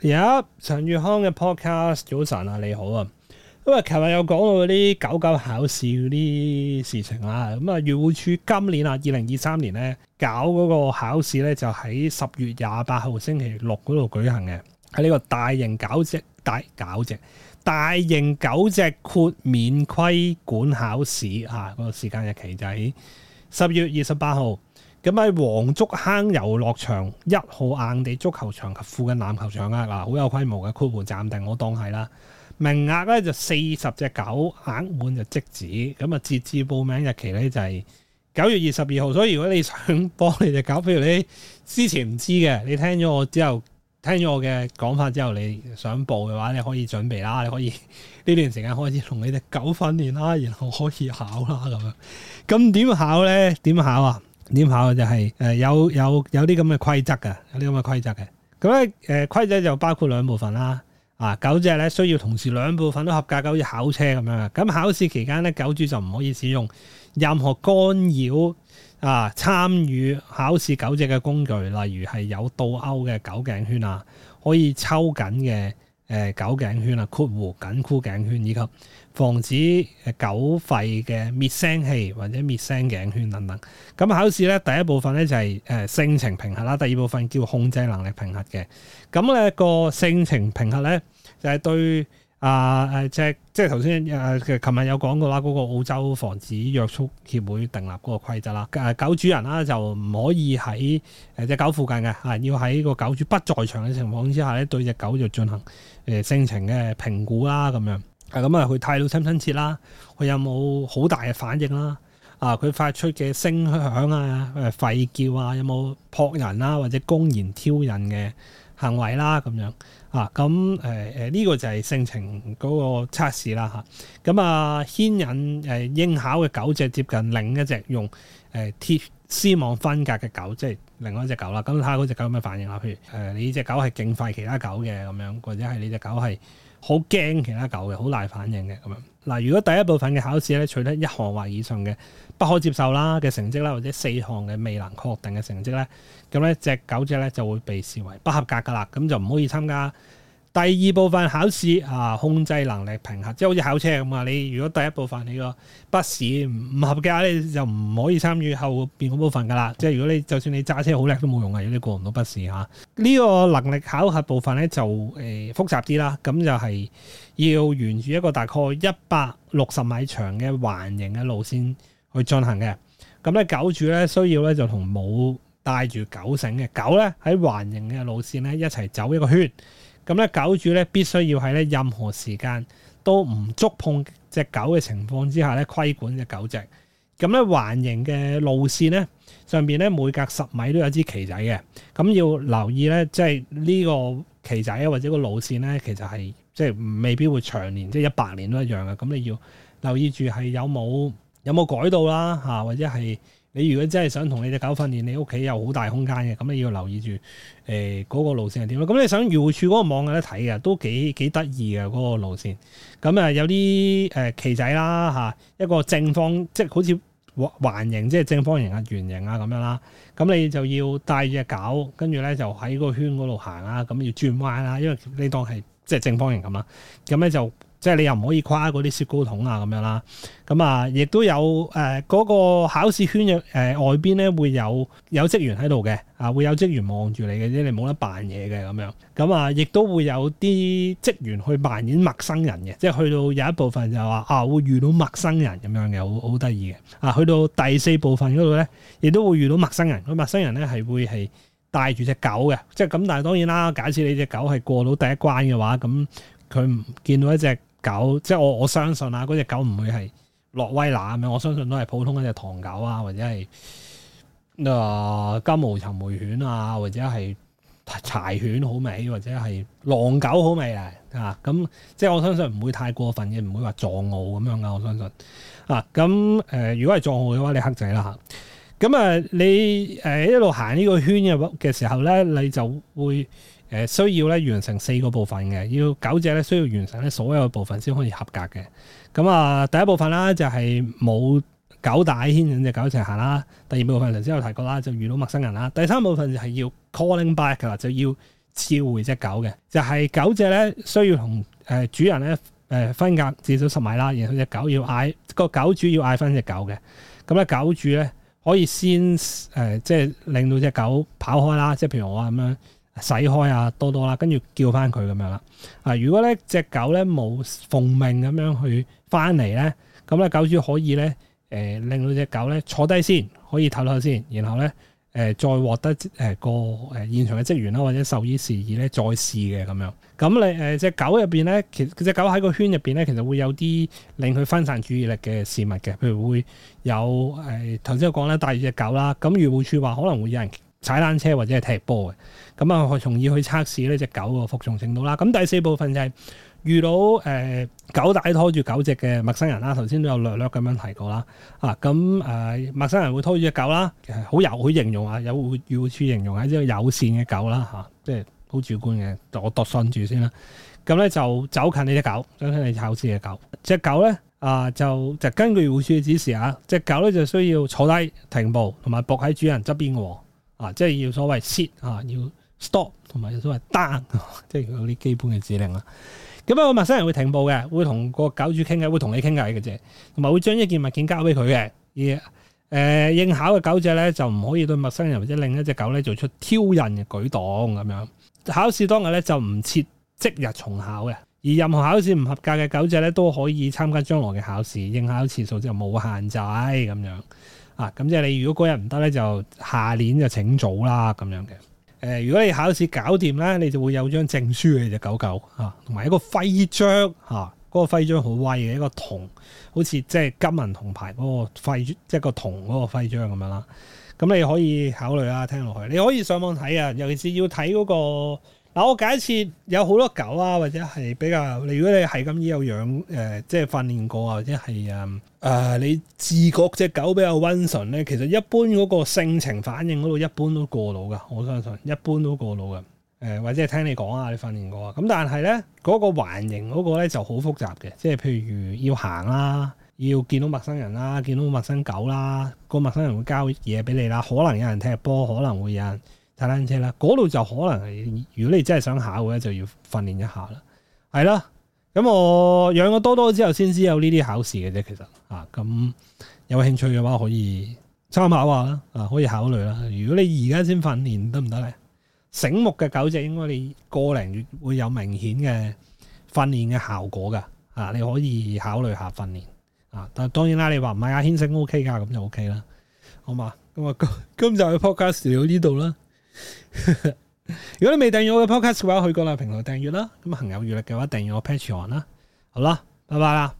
Yep，陳月康嘅 podcast 早晨啊，你好啊，咁啊琴日有講到嗰啲狗狗考試嗰啲事情啊，咁啊，漁護處今年啊二零二三年咧搞嗰個考試咧就喺十月廿八號星期六嗰度舉行嘅，喺呢個大型狗隻大狗隻大型狗隻豁免規管考試啊，嗰個時間日期就喺十月二十八號。咁喺黃竹坑遊樂場一號硬地足球場及附近籃球場啊，嗱，好有規模嘅酷伴暫定，我當係啦。名額咧就四十隻狗，額滿就即止。咁啊，截至報名日期咧就係九月二十二號。所以如果你想幫你隻狗，譬如你之前唔知嘅，你聽咗我之後，聽咗我嘅講法之後，你想報嘅話你可以準備啦，你可以呢段時間開始同你隻狗訓練啦，然後可以考啦，咁樣。咁點考咧？點考啊？點考就係、是、誒有有有啲咁嘅規則嘅，有啲咁嘅規則嘅。咁咧，誒規則就包括兩部分啦。啊，狗隻咧需要同時兩部分都合格，好似考車咁樣。咁、啊、考試期間咧，狗主就唔可以使用任何干擾啊參與考試狗隻嘅工具，例如係有倒勾嘅狗頸圈啊，可以抽緊嘅。誒狗、呃、頸圈啊，括弧緊箍頸圈，以及防止誒狗吠嘅滅聲器或者滅聲頸圈等等。咁、嗯、考試咧，第一部分咧就係、是、誒、呃、性情評核啦，第二部分叫控制能力評核嘅。咁、嗯、咧、那個性情評核咧就係、是、對。啊誒、呃、即係即係頭先誒，琴、呃、日有講過啦，嗰、那個澳洲防止虐畜協會訂立嗰個規則啦。誒、呃、狗主人啦就唔可以喺誒隻狗附近嘅，啊、呃、要喺個狗主不在場嘅情況之下咧，對、呃、隻狗就進行誒性、呃、情嘅評估啦咁樣。啊咁啊，佢態度親唔親切啦，佢有冇好大嘅反應啦？啊佢發出嘅聲響啊誒吠、呃呃呃、叫啊，啊有冇撲人啦、啊、或者公然挑釁嘅，行為啦咁樣啊，咁誒誒呢個就係性情嗰個測試啦嚇，咁啊牽引誒、呃、應考嘅狗隻接近另一隻用誒鐵絲網分隔嘅狗，即係。另外一隻狗啦，咁睇下嗰隻狗有咩反應啦。譬如誒、呃，你呢隻狗係勁快其他狗嘅咁樣，或者係你隻狗係好驚其他狗嘅，好大反應嘅咁樣。嗱，如果第一部分嘅考試咧取得一項或以上嘅不可接受啦嘅成績啦，或者四項嘅未能確定嘅成績咧，咁咧隻狗隻咧就會被視為不合格噶啦，咁就唔可以參加第二部分考試啊，控制能力評核，即係好似考車咁啊。你如果第一部分你個筆試唔合格咧，你就唔可以參與後邊嗰部分噶啦。即係如果你就算你揸車好叻都冇用啊，如果你過唔到筆試嚇呢個能力考核部分咧，就誒、呃、複雜啲啦。咁就係要沿住一個大概一百六十米長嘅環形嘅路線去進行嘅。咁咧狗主咧需要咧就同冇帶住狗繩嘅狗咧喺環形嘅路線咧一齊走一個圈。咁咧狗主咧必須要喺咧任何時間都唔觸碰隻狗嘅情況之下咧規管隻狗隻，咁咧環形嘅路線咧上邊咧每隔十米都有一支旗仔嘅，咁要留意咧即係呢、就是、個旗仔啊或者個路線咧其實係即係未必會長年即係、就是、一百年都一樣嘅，咁你要留意住係有冇有冇改到啦嚇，或者係。你如果真係想同你隻狗訓練，你屋企有好大空間嘅，咁你要留意住誒嗰個路線係點咯。咁你想預備處嗰個網有得睇嘅，都幾幾得意嘅嗰個路線。咁啊，有啲誒旗仔啦嚇，一個正方即係好似環形，即係正方形啊、圓形啊咁樣啦。咁你就要帶隻狗，跟住咧就喺嗰個圈嗰度行啊。咁要轉彎啦，因為你當係即係正方形咁啦。咁咧就～即係你又唔可以跨嗰啲雪糕筒啊咁樣啦、啊，咁啊亦都有誒嗰、呃嗰個考試圈嘅、呃、誒、呃、外邊咧會有有職員喺度嘅，啊會有職員望住你嘅，即係你冇得扮嘢嘅咁樣，咁啊亦都會有啲職員去扮演陌生人嘅，即係去到有一部分就話啊會遇到陌生人咁樣嘅，好好得意嘅，啊去到第四部分嗰度咧，亦都會遇到陌生人，咁陌生人咧係會係帶住隻狗嘅，即係咁，但係當然啦，假設你隻狗係過到第一關嘅話，咁佢唔見到一隻狗，即係我我相信啦、啊，嗰隻狗唔會係洛威納咁樣，我相信都係普通一隻唐狗啊，或者係啊、呃、金毛尋回犬啊，或者係柴犬好味，或者係狼狗好味啊，吓、啊、咁、嗯、即係我相信唔會太過分嘅，唔會話藏獒咁樣噶，我相信啊，咁誒、呃、如果係藏獒嘅話，你黑仔啦吓，咁啊你誒一路行呢個圈嘅嘅時候咧，你就會。誒需要咧完成四個部分嘅，要狗隻咧需要完成咧所有部分先可以合格嘅。咁、嗯、啊，第一部分啦就係冇狗帶牽引隻狗成行啦。第二部分頭先有提過啦，就遇到陌生人啦。第三部分就係要 calling back 嘅啦，就要召回隻狗嘅。就係、是、狗隻咧需要同誒主人咧誒分隔至少十米啦，然後隻狗要嗌個狗主要嗌翻隻狗嘅。咁、嗯、咧狗主咧可以先誒、呃、即係令到隻狗跑開啦，即係譬如我咁樣。洗開啊，多多啦，跟住叫翻佢咁樣啦。啊，如果咧隻狗咧冇奉命咁樣去翻嚟咧，咁咧狗主可以咧誒令到隻狗咧坐低先，可以唞唞先，然後咧誒再獲得誒個誒現場嘅職員啦或者獸醫示意咧再試嘅咁樣。咁你誒隻狗入邊咧，其實隻狗喺個圈入邊咧，其實會有啲令佢分散注意力嘅事物嘅，譬如會有誒頭先我講咧帶住隻狗啦，咁漁護處話可能會有人，踩單車或者係踢波嘅，咁啊，從而去測試呢隻狗嘅服從程度啦。咁第四部分就係，是，遇到誒、呃、狗帶拖住狗隻嘅陌生人啦。頭先都有略略咁樣提過啦，啊，咁、啊、誒陌生人會拖住隻狗啦，好有，有，有好形容啊，有會護形容係隻友善嘅狗啦，嚇，即係好主觀嘅，我度信住先啦。咁、啊、咧、啊、就走近呢隻狗，咁睇你考試嘅狗，隻狗咧啊就就根據護士嘅指示啊，隻狗咧就需要坐低停步，同埋駁喺主人側邊嘅喎。啊，即係要所謂 sit 啊，要 stop 同埋所謂 down，呵呵即係有啲基本嘅指令啦。咁啊，陌生人會停步嘅，會同個狗主傾偈，會同你傾偈嘅啫，同埋會將一件物件交俾佢嘅。而誒、呃、應考嘅狗仔咧，就唔可以對陌生人或者另一隻狗咧做出挑釁嘅舉動咁樣。考試當日咧就唔設即日重考嘅，而任何考試唔合格嘅狗仔咧都可以參加將來嘅考試，應考次數就冇限制咁樣。啊，咁即係你如果嗰日唔得咧，就下年就請早啦咁樣嘅。誒、呃，如果你考試搞掂啦，你就會有張證書嘅隻狗狗，嚇、啊，同埋一個徽章嚇，嗰、啊那個徽章好威嘅，一個銅，好似即係金銀銅牌嗰個徽，即、就、係、是、個銅嗰個徽章咁樣啦。咁、啊、你可以考慮啦、啊，聽落去，你可以上網睇啊，尤其是要睇嗰、那個。嗱，我假設有好多狗啊，或者係比較，你如果你係咁樣有養誒、呃，即係訓練過啊，或者係啊，誒、呃、你自覺隻狗比較温順咧，其實一般嗰個性情反應嗰度一般都過到噶，我相信一般都過到噶，誒、呃、或者係聽你講啊，你訓練過、啊，咁但係咧嗰個環境嗰個咧就好複雜嘅，即係譬如要行啦、啊，要見到陌生人啦、啊，見到陌生狗啦、啊，個陌生人會交嘢俾你啦、啊，可能有人踢波，可能會有人踩單車啦，嗰度就可能係如果你真係想考咧，就要訓練一下啦。係啦，咁我養咗多多之後先知有呢啲考試嘅啫，其實啊咁有興趣嘅話可以參考下啦，啊可以考慮啦。如果你而家先訓練得唔得咧？醒目嘅狗隻應該你個零月會有明顯嘅訓練嘅效果噶，啊你可以考慮下訓練啊。但係當然啦，你話唔係阿軒升 OK 噶，咁就 OK 啦，好嘛？咁我今今日嘅 podcast 到呢度啦。 如果你未訂閱我嘅 podcast 嘅話，去各大平台訂閱啦。咁行有餘力嘅話，訂閱我 patreon 啦。好啦，拜拜啦。